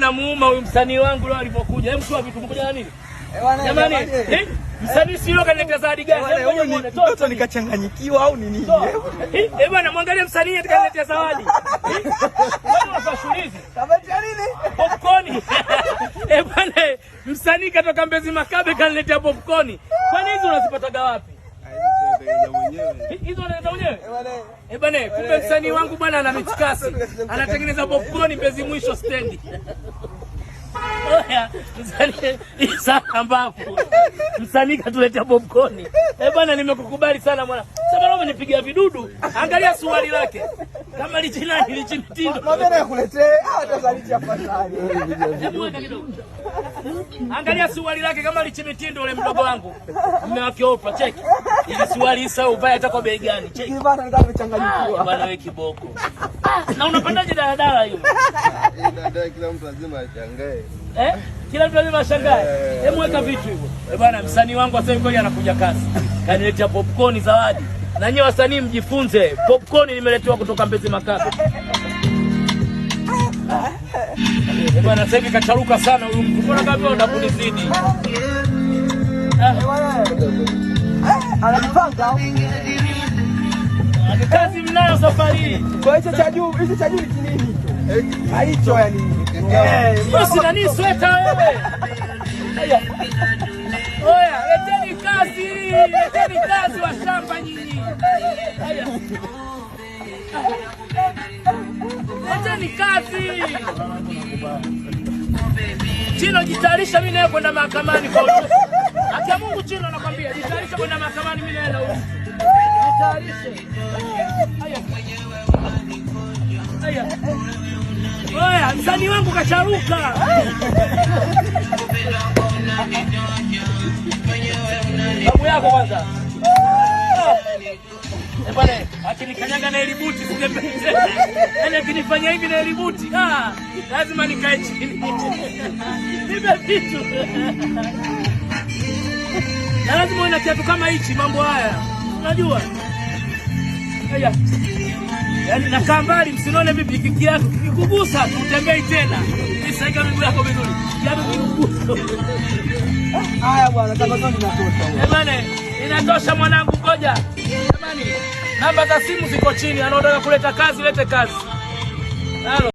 namuuma huyu msanii wangu leo alipokuja. Hebu toa vitu mkuja na nini? Jamani, eh, msanii sio kaleta zawadi gani? Eh, mtoto nikachanganyikiwa au nini? Eh, eh, bwana mwangalie msanii kaleta zawadi. Wewe unafashulizi. ya nini? Popcorn. Eh, bwana msanii katoka Mbezi Makabe kaleta popcorn. Kwani hizo unazipataga wapi? hizo anaenda mwenyewe eh bwana. Kumbe msanii wangu bwana ana michikasi, anatengeneza popcorn Mbezi mwisho stendi. Oya, ambapo msanii katuletea popcorn eh bwana, nimekukubali sana mwana kama nipiga vidudu, angalia suwali lake kama lichina lichina tindo. Mabere yakuletee ah, hata saliti afadhali. Angalia suwali lake kama lichina tindo ule mdogo wangu. mme wake Oprah cheki. Ile suwali isa ubaya hata kwa bei gani cheki. Bana ndio amechanganyikiwa. Ah, bana wewe kiboko. Na unapandaje daladala hiyo? Daladala kila mtu lazima achangae. Eh? Kila mtu lazima ashangae. Eh. Hebu weka vitu hivyo. Eh, bwana msanii wangu sasa kweli anakuja kasi. Kaniletea popcorn zawadi na wasanii mjifunze. Popcorn nimeletewa kutoka Mbezi Makabe eh, bwana, sasa hivi kacharuka sana huyu mtu, mbona kama unakunizidi eh. anajipanga kazi mnayo safari. Kwa hicho cha juu, hicho cha juu ni nini? Hicho yani. Sio sina ni sweta wewe. Oya, leteni kazi, leteni kazi wa shamba nyinyi. Acha kazi. Chino, jitayarisha mimi naye kwenda mahakamani kwa urusi. Akia Mungu Chino nakwambia, jitayarisha kwenda mahakamani mimi naenda urusi. Jitayarishe. Haya. Oya, msanii wangu kacharuka. Babu yako kwanza pale akinikanyaga na elibuti yani, akinifanya hivi na elibuti ah, lazima nikae chini ive vitu na lazima uwe kiatu kama hichi. Mambo haya unajua, yaani nakaa mbali, msinione mimi kikiatu kikugusa tu utembei tena isaika miguu yako vizuri, kiatu yaani kikugusa haya bwana, tabasamu inatosha, inatosha mwanangu, ngoja namba za simu ziko chini, anaotaka kuleta kazi lete kazi. Halo.